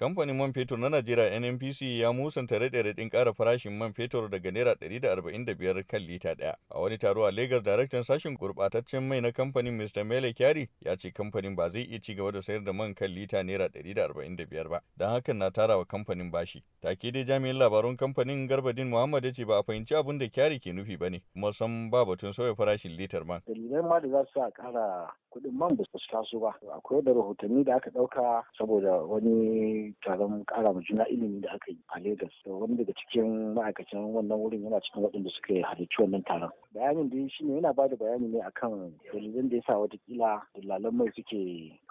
Kamfanin man fetur na Najeriya NNPC ya musanta raɗe-raɗin ƙara farashin man fetur daga Naira 145 kan lita ɗaya. A wani taro a Lagos, daraktan sashen gurɓataccen mai na kamfanin Mr. Mele Kyari ya ce kamfanin ba zai iya ci gaba da sayar da man kan lita Naira biyar ba, don hakan na tara wa kamfanin bashi. take dai jami'in labarun kamfanin garbadin muhammad ya ce ba a fahimci abin da kyari ke nufi ba ne kuma san ba batun sauya farashin litar man dalilai ma da za su a kara kuɗin man ba su taso ba akwai da rahotanni da aka ɗauka saboda wani taron ƙara ma juna ilimi da aka yi a lagos wani daga cikin ma'aikacin wannan wurin yana cikin waɗanda suka halarci wannan taron bayanin da shi ne yana bada bayani ne akan dalilin da yasa watakila dalilan mai suke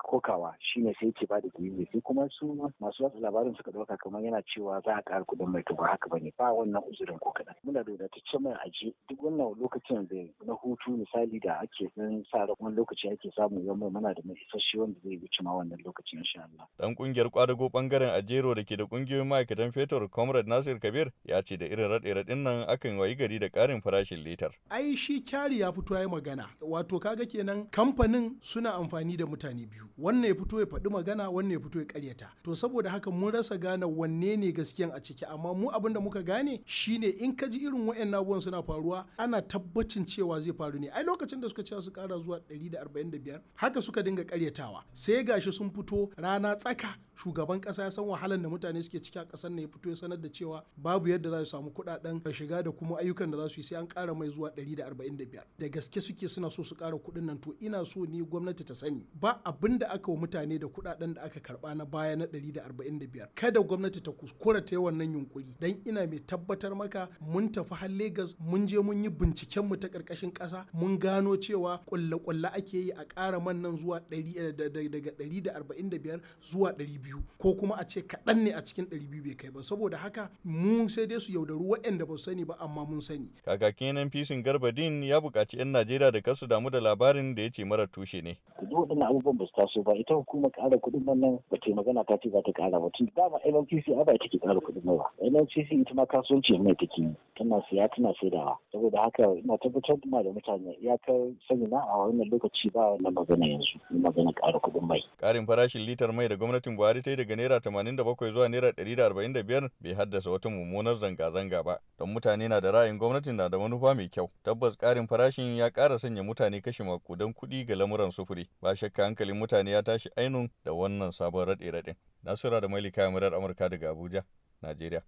kokawa shine sai yake bada dalili sai kuma su masu watsa labarin suka dauka kamar yana cewa za a kara kuɗin mai to ba haka bane ba wannan uzurin ko kaɗan muna da wadatacce mai aji duk wannan lokacin da na hutu misali da ake san sa da kuma lokaci ake samu yau mai muna da mai isasshe wanda zai wuce ma wannan lokacin insha Allah dan kungiyar kwadago bangaren ajero da ke da kungiyoyin ma'aikatan fetur comrade Nasir Kabir ya ce da irin raɗe-raɗin nan akan wayi gari da ƙarin farashin litar ai shi kyari ya fito ya magana wato kaga kenan kamfanin suna amfani da mutane biyu wannan ya fito ya faɗi magana wannan ya fito ya karyata to saboda haka mun rasa gane wanne ne gaskiyan a ciki amma mu abin da muka gane shine in ka ji irin wa'annan abubuwan suna faruwa ana tabbacin cewa zai faru ne ai lokacin da suka cewa su kara zuwa 145 haka suka dinga karyatawa sai gashi sun fito rana tsaka shugaban kasa ya san wahalar da mutane suke ciki a kasar ne ya fito ya sanar da cewa babu yadda za su samu kuɗaɗen shiga da kuma ayyukan da za su yi sai an kara mai zuwa 145 da gaske suke suna so su kara kuɗin nan to ina so ni gwamnati ta sani ba abin da aka wa mutane da kuɗaɗen da aka karɓa na baya na 145 kada gwamnati ta kuskura ta yi wannan yunkuri dan ina mai tabbatar maka mun tafi har Legas mun je mun yi binciken mu ta karkashin ƙasa mun gano cewa ƙulle kulle ake yi a kara man nan zuwa eh, daga 145 zuwa 200 ko kuma a ce kaɗan ne a cikin 200 bai kai ba saboda haka mun sai dai su yaudaru waɗanda ba su sani ba amma mun sani kakakin nan fishin Garba Din ya bukaci 'yan Najeriya da kasu damu da labarin da ya ce mara tushe ne. Duk waɗannan abubuwan ba su taso ba ita hukumar ƙara kuɗin nan nan ba ta magana ta ce za ta ƙara ba tun dama NNPC a ba ita ke ƙara kuɗin nan ba. NNPC ita ma kasuwanci mai take yi tana siya tana saidawa saboda haka ina tabbatar ma da mutane ya kai sani na a wannan lokaci ba wannan magana yanzu magana ƙara kuɗin mai. Ƙarin farashin litar mai da gwamnatin Buhari ta yi daga naira tamanin da bakwai zuwa naira ɗari da arba'in da biyar bai haddasa wata mummunar zanga-zanga ba don mutane na da ra'ayin gwamnatin na da manufa mai kyau. tabbas ƙarin farashin ya ƙara sanya mutane kashe makudan kuɗi ga lamuran sufuri ba shakka hankalin mutane ya tashi ainun da wannan sabon raɗe-raɗen nasira da mailika murar amurka daga abuja najeriya